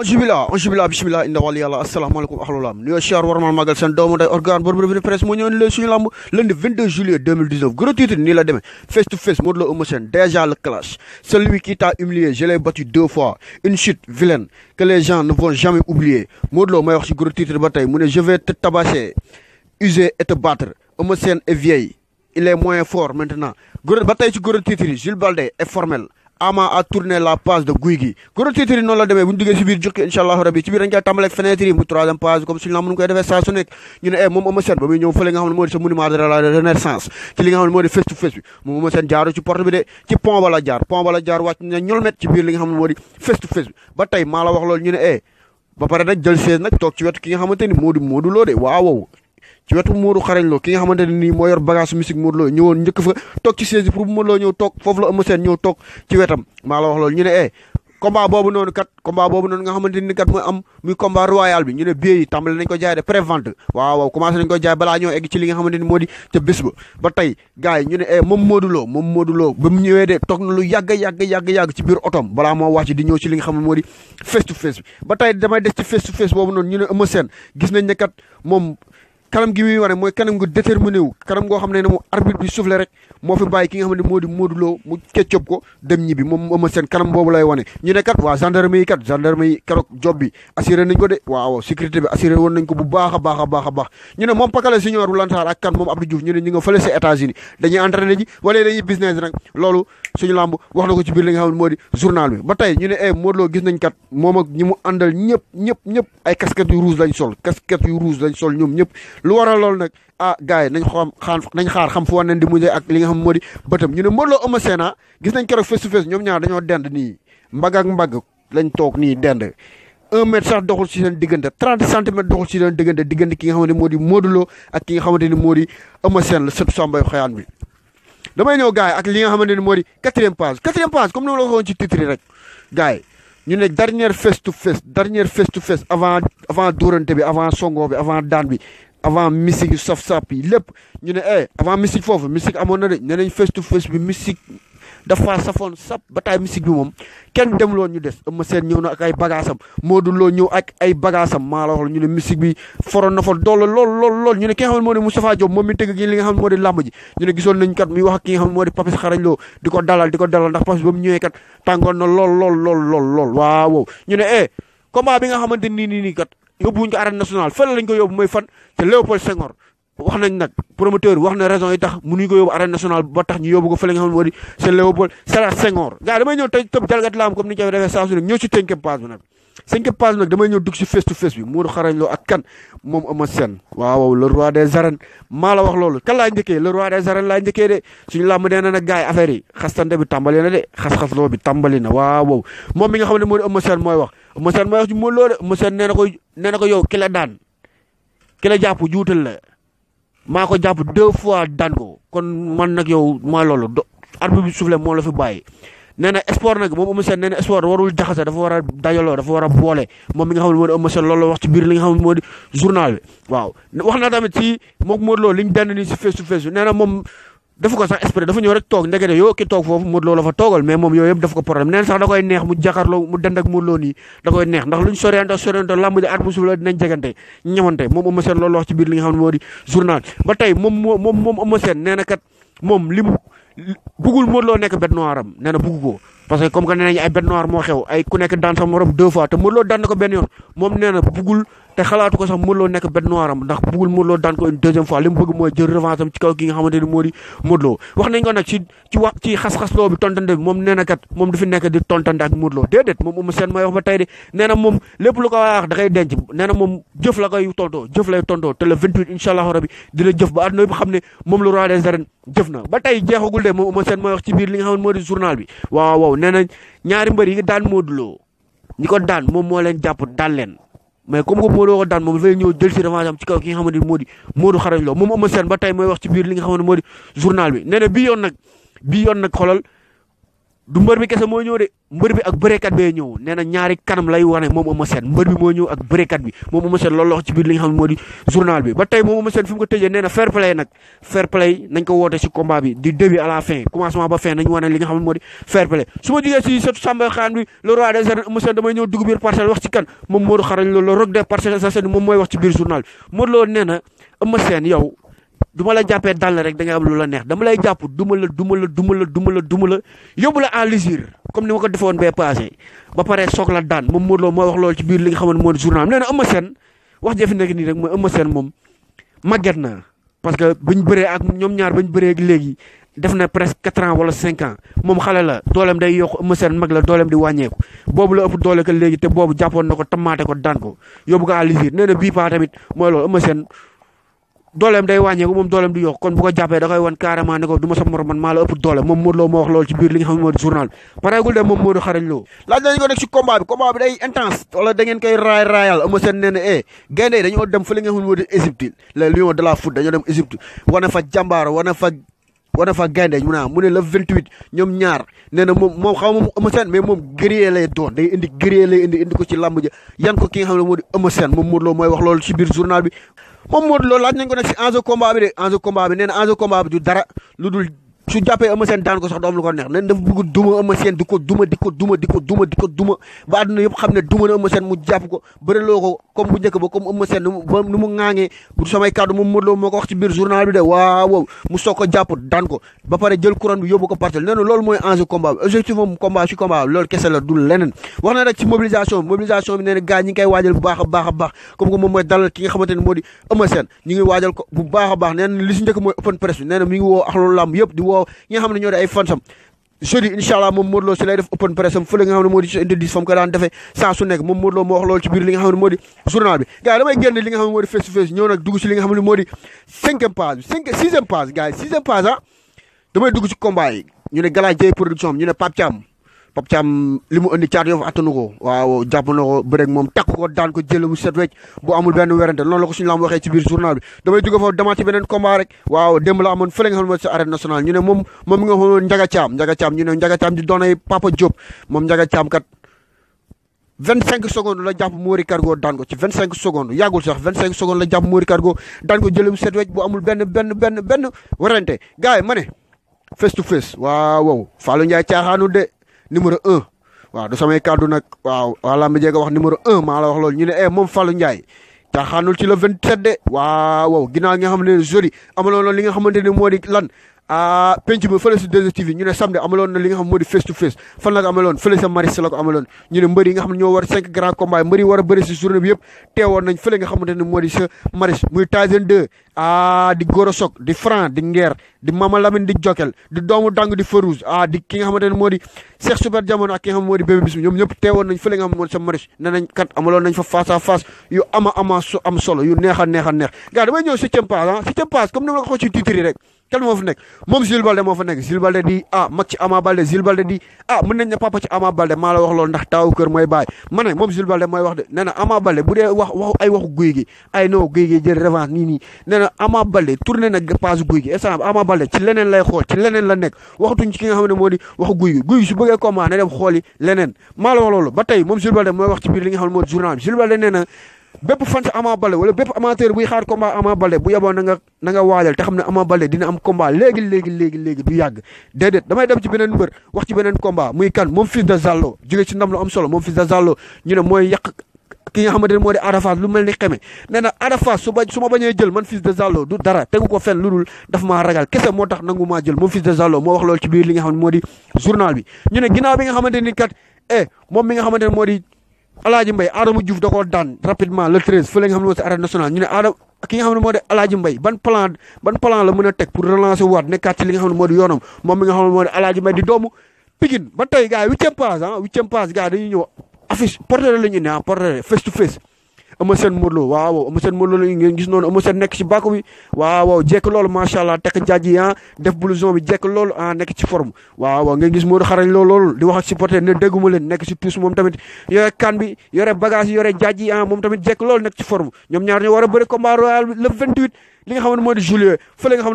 ajibila ajibila bisimilah inda wàllu yàlla asalaamaaleykum axlu lamb nuyoo siyaar warmal magal seen doomu day organe bor revue de moo ñëw ni leen suñu lamb lundi 22 juillet gros titre nii la demee face to face Modou Lo Eumeu Sène déjà le clash celui qui t'a humilié deux fois une chute vilaine que les gens ne vont jamais oublier Modou Lo may wax gros titre ba mu ne je vais te et te battre Eumeu Sène est vieil moins fort maintenant gros ama a tourné la page de guy gi gros titre yi noonu la demee bu ñu si biir jukki incha allahu rabi ci biir dañ koy tàmbaleeg fenêtre yi mu troisième comme suñu la mën koy defee saa ñu ne e moom Eumeu ba muy ñëw fële nga xam ne moo di sa monument de la renaissance ci li nga xam moo di face to face moom Eumeu jaaru ci porte bi de ci pont bala jaar pont bala jaar wàcc na ñol met ci biir li nga xam moo di face to face ba tey ci wetu Modou xarañ loo ki nga xamante ni nii moo yor bagage musique Modou Lo ñëwoon njëkk fa toog ci siège pour bu Modou Lo ñëw toog foofu la Eumeu Sène ñëw toog ci wetam maa la wax loolu ñu ne eh boobu noonu kat combat boobu noonu nga xamante ni kat mooy am muy combat royal bi ñu ne billets yi tàmbali nañ ko jaay de prévente waaw waaw commencé nañ ko jaay balaa ñoo egg li nga xamante ni moo di te bés eh, moom Modou Lo moom Modou Lo ba mu ñëwee de toog na lu yàgg yàgg yàgg yàgg ci biir otom balaa moo wàcc di ñëw ci li nga xam moo di face noonu ñu ne Eumeu Sène gis nañ ne kat moom kanam gi muy wane mooy kanam gu déterminé wu kanam goo xam ne ne mu arbitre bi soufflé rek moo fi bàyyi ki nga xam ne moo di Modou Lo mu keccop ko dem ñibbi moom Eumeu Sène kanam boobu wane ñu ne kat waa gendarme yi kat gendarme yi keroog job bi assuré nañ ko de waaw sécurité bi assuré woon nañ ko bu baax a baax a baax a baax ñu ne moom pakale senior bu lantaar ak kan moom Abdou Diouf ñu ne ñu nga fële sa États-Unis dañuy entraîné na ko ci biir li nga xam ne moo di journal bi ba eh ñëpp ñëpp ñëpp ay casquette yu rouge ñëpp lu waral loolu nag ah gars yi nañ xam xaan xaar xam fu wane di mujjee ak li nga xam moo di bëtam ñu ne Modou Lo Eumeu ah, gis nañ keroog face to face ñoom ñaar dañoo dend nii mbagg ak mbagg lañ toog nii dend un mètre sax doxul ci diggante trente centimètres doxul ci diggante diggante ki nga xamante ni moo di Modou Lo ak ki nga xamante ni moo di Eumeu Sène la sëtu Samba Xayaan bi damay ñëw gars ak li nga xamante ni moo di quatrième page quatrième page comme ni ma la ci titre ñu ne dernière face to face dernière face avant avant dóorante bi avant songo bi avant daan bi avant mystique yu sof sap yi lépp ñu ne eh avant mystique foofu mystique amoon na de ne nañ face to face bi mystique dafa safoon sap bataille mystique bi moom kenn dem loon ñu des Eumeu Sène ñëw na ak ay bagaasam Modou Lo ñëw ak ay bagaasam maa la wax ñu ne mystique bi na fa doole lool lool lool ñu ne ki nga xam ne moo di Moustapha Diop moom mi tëgg gi li nga moo di làmb ji ñu ne gisoon nañ kat muy wax ak ki nga moo di Papis Xarañ Lo di ko dalal di dalal ndax Papis ba mu ñëwee kat tàngoon na lool lool lool lool lool waaw ñu ne eh combat bi nga xamante nii nii nii kat yóbbuwuñ ko arène nationale fële lañ ko yóbbu fan te Léopold Senghor wax nañ nag promoteur wax na raison yi tax mënuñ ko nationale ba tax ñu yóbbu ko xam ne moo di c'est Léopold Sédar Senghor gars yi jalgat laam comme ni ñu ko defee saa su ne ñëw si tënkem paas bi cinquième page nag damay ñëw dugg si face to face bi Modou xarañ loo ak kan moom Eumeu Sène waaw le roi des arènes maa la wax loolu kan laa njëkkee le roi des arènes laa njëkkee de suñu làmb nee na nag gars yi affaire yi xastante bi tàmbali na de xas-xas loo bi tàmbali waaw moom mi nga xam ne moo di Eumeu Sène mooy wax Eumeu Sène mooy wax ci Modou Lo de Eumeu Sène nee ko nee na ko yow kila la daan ki la jàpp juutal la maa ko jàpp deux fois daan ko kon man nag yow maa loolu do arbitre bi soufflé moo la fi bàyyi nee na sport nag moom Eumeu Sène nee na sport warul jaxase dafa a a boole moom mi nga xam ne moo di Eumeu Sène loolu wax ci biir li nga xam na tamit ci moom Modou Lo moom dafa ko sax esprit dafa na sax da koy neex mu jaxarloo mu dend ak Modou Lo nii moom Eumeu Sène loolu la wax ci biir li nga xam moom moom moom Eumeu kat moom li buggul Modou Lo nekk bête noire am nee na bugg ko parce que comme que nee nañu moo xew ay ku nekk daan sa morom deux fois te Modou moom nee na te xalaatu ko sax Modou Lo nekk bête noire am ndax bëggul Modou Lo daan ko une deuxième fois li bëgg mooy jël revanche am wax nañ nag ci ci xas-xasloo bi tontante bi moom nee na kat moom du fi nekk di tontante ak Modou Lo déedéet moom Eumeu Sène de nee na moom lépp lu ko wax da koy denc nee na la koy tontoo jëf lay ba àdduna bi ne moom le roi na ba tey jeexagul de moom Eumeu Sène may wax ci nga xam ne moo di journal bi waaw waaw nee na ñaari mbër yi daan Modou Lo daan moom moo leen jàpp daan leen mais comme que Modou ko daan moom lay ñëw jël si revanche am ci kaw ki nga moo di Modou xarañ loo moom Eumeu Sène ba tey mooy wax biir li nga moo di journal bi nee na bii yoon nag bii du mbër bi kese moo ñëw de mbër bi ak bëreekat bee ñëw nee na ñaari kanam lay wane moom Eumeu Sène mbër bi moo ñëw ak bëreekat bi moom Eumeu Sène loolu la wax ci biir li nga xam ne moo di journal bi ba tey moom ba fin nañ wane li xam ne fair play su ma jugee si sëtu Samba Xaan bi le roi des arènes Eumeu Sène damay ñëw dugg parcelle wax ci kan moom Modou xarañ loolu le roc des parcelles assassinées moom mooy wax ci biir journal bi Modou Lo nee na Eumeu duma ma la jàppee dàll rek da ngay am lu la neex dama lay jàpp duma la duma la duma la duma la yóbbu la à l'usure comme ni ma ko defoon bee passé ba pare soog la daan moom Modou Lo moo wax loolu ci biir li nga xamante mooy journal nee na Eumeu Sène wax moom màgget na parce que bañ bëree ak ñoom ñaar bañ bëree léegi def na presque quatre ans wala cinq ans moom xale la dooleem day yokk Eumeu Sène mag la dooleem di wàññeeku boobu la ëpp doole ko léegi te boobu jàppoon na ko tamaate ko daan ko dooleem day wàññeeku moom dooleem du yokk kon bu ko jàppee da koy wan carrément ne ko du ma sa morom man maa la ëpp moom Modou Lo moo wax loolu fa li nga xam ne moo di Égypte les lions mu naa mu ne le 28 ñoom ñaar nee na moom moom xaw moom Eumeu Sène mais indi guerrier indi indi ko ci làmb ja yan ko ki nga xam ne moo di Lo mooy wax loolu ci biir journal bi moom Modou Lo laaj nañ ko nag si enjeu combat bi de enjeu combat bi nee na enjeu combat bi du dara lu dul su jàppee Eumeu Sène sax du lu ko neex nen dafa bëgg duma Eumeu Sène duma di duma di duma di duma ba àdduna yëpp xam ne duma na Eumeu mu jàpp ko bëriloo ko comme bu njëkk ba comme Eumeu Sène mu ŋaaŋee bu samay kàddu moom Modou Lo moo biir journal bi de waaw mu soog ko jàpp daan jël couronne bi yóbbu ko parcelle nee na mooy enjeu combat bi objectif moom combat si combat leneen wax na rek ci mobilisation mobilisation a baax a na li si njëkk mooy open press bi nee na mi ngi woo axlu woo ñi nga xam ne ñoo di ay fansam jeudi incha allah moom Modou Lo si open press am fële nga xam ne moo di interdit fa mu ko daan defee moom Modou Lo moo wax loolu biir li nga xam ne moo journal bi gars yi damay génn li nga xam ne moo face to face ñëw nag dugg si xam ne moo di cinquième cinq sixième page gars yi sixième page ah. damay dugg si combat yi ñu production ñu ne Pape Pape Thiam li mu indi caat Yoff attanu ko waaw jàpp na ko la ko suñu la am waxee ci biir journal bi ne ci arène nationale ñu ne moom moom mi nga xam Papa Diop moom Ndiaga Thiam kat vingt cinq secondes la jàpp Mori Cargo daan ko ci set wecc bu amul benn benn benn benn werante gars yi ma ne face to face waaw waaw Fallou caaxaanu de numéro un waaw du samay kàddu nag waaw waa Lamb Dieng wax numéro un maa la wax loolu ñu ne eh moom Fallou Ndiaye caaxaanul ci le 27 de waaw waaw nga xam ne jeudi amaloon loolu li nga moo lan. ah penc ba fële si 2 ñu ne samedi amaloon na li nga xam face to face fan la ko amaloon fële sa maris la ko amaloon ñu ne mbëri nga xam ne war cinq grands combats mbëri yi war a bëri si journée bi yëpp teewoon nañ nga xamante ne moo ah di Goro Sock di Franc di Nguer di Mama Lamine di Jokel di doomu dang di Farouz ah di ki nga xamante ne moo di Cheikh Super Jamono ak ki nga xam moo Bismi ñoom ñëpp teewoon nañ fële nga xam moo di sa marish ne kat yu ama ama su neex a a neex gars damay ñëw septième passe ah septième passe comme ni ma ah, Ama Balde Jules ah, wax loolu ndax taawu kër mooy mooy wax de nee na Ama Balde bu dee wax waxu ay waxu guy gi ay no guy gi jël revanche nii nii na Ama Baldé tourné na page guy gi instant Ama Baldé ci leneen lay xool ci leneen la nekk waxatuñ ci ki nga ne moo di guy gi guy gi su bëggee combat na dem xooli leneen maa la wax ba tey moom Jules Baldé ne moo di journal bi Jules Baldé nee Ama Baldé buy xaar combat Ama Baldé bu yeboo na nga te xam ne Ama Baldé dina am combat léegi léegi du yàgg déedéet damay dem ci beneen mbër wax ci beneen muy kan moom fils de Zallo jóge ci ndam lu am solo ki nga xamante moo di Arafat lu mel ni xeme nee na Arafat su ma bañee jël man fils de Zallo du dara tegu ko fenn lu dul daf maa ragal kese moo tax nangu maa jël moom fils de Zallo moo wax loolu ci biir li nga moo di journal bi ñu ne ginnaaw bi nga xamante eh, moo di Alaaji Mbaye Adama Diouf da daan rapidement le 13 fële nga xam moo di Alaaji Mbaye ban plan la mën a teg pour relancer waat ne moo di yoonam moom moo di Alaaji Mbaye affiche portrait la ñu ne ah portrait face to face Eumeu Sène Modou Lô waaw Eumeu Sène Modou Lô lañu ngeen gis noonu Eumeu Sène nekk ci bàkku bi waaw jekk loolu macha allah tekk jaaj yi ah def blouson bi jekk loolu ah nekk ci forme waaw ngeen gis Modou xarañ di wax ak supporter ne dégguma leen nekk ci tuus moom tamit yore kan bi yore bagage yore jaaj yi ah, moom tamit jekk loolu nekk ci forme ñoom ñaar ñu war a bëri combat royal bi le li nga xam ne moo di juillet fële nga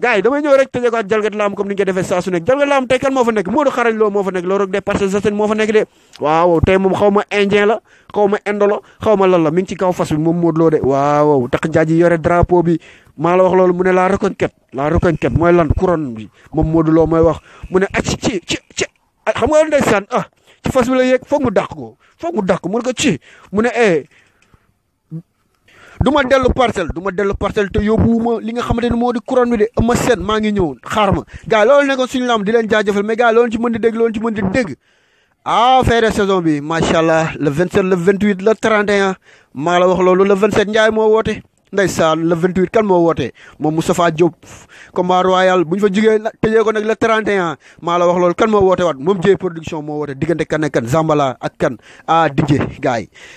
gars yi damay ñëw rek tëjee ko jalgat laam comme ni ñu ko nekk jalgat laam tey kan moo xarañ loo moo fa nekk loolu rek des parcelles de waaw tey moom xaw ma indien la xaw ma indo la xaw ma lan la mi ngi ci kaw fas bi moom Modou Lo de waaw tax jaaji yore drapeau bi maa la wax loolu mu ne la reconquête la reconquête mooy lan couronne moom Modou Lo mooy wax mu ne ci ci ci ah, ah ci fas bi la yéeg foog mu dàq ko foog mu dàq ko mu du ma dellu parcelle du ma dellu parcelle te yóbbuwuma li nga xamante ni moo di couronne bi de Eumeu Sène maa ngi ñëwoon xaar ma gars loolu nekkoon suñu lamb di leen jaajëfal mais gars loolu ci mën di dégg loolu ci mën di dégg ah fin de saison bi macha allah le 27 le 28 le 31 maa la wax loolu le 27 Ndiaye moo woote ndeysaan le 28 kan moo woote moom Moustapha Diop combat royal bu ñu fa jugee tëjee ko nag le 31 maa la wax loolu kan moo woote waat moom Dieye production moo woote diggante kan ak kan Zambala ak kan ah DJ gars yi